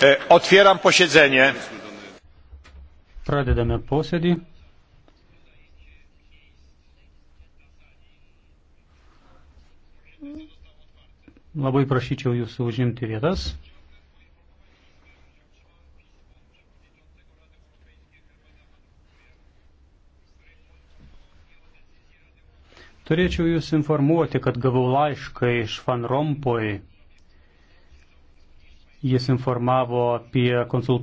E, Otvieram posėdzenį. Pradedame posėdį. Labai prašyčiau jūsų užimti vietas. Turėčiau jūs informuoti, kad gavau laišką iš Van Rompoj Jis informavo apie konsultaciją.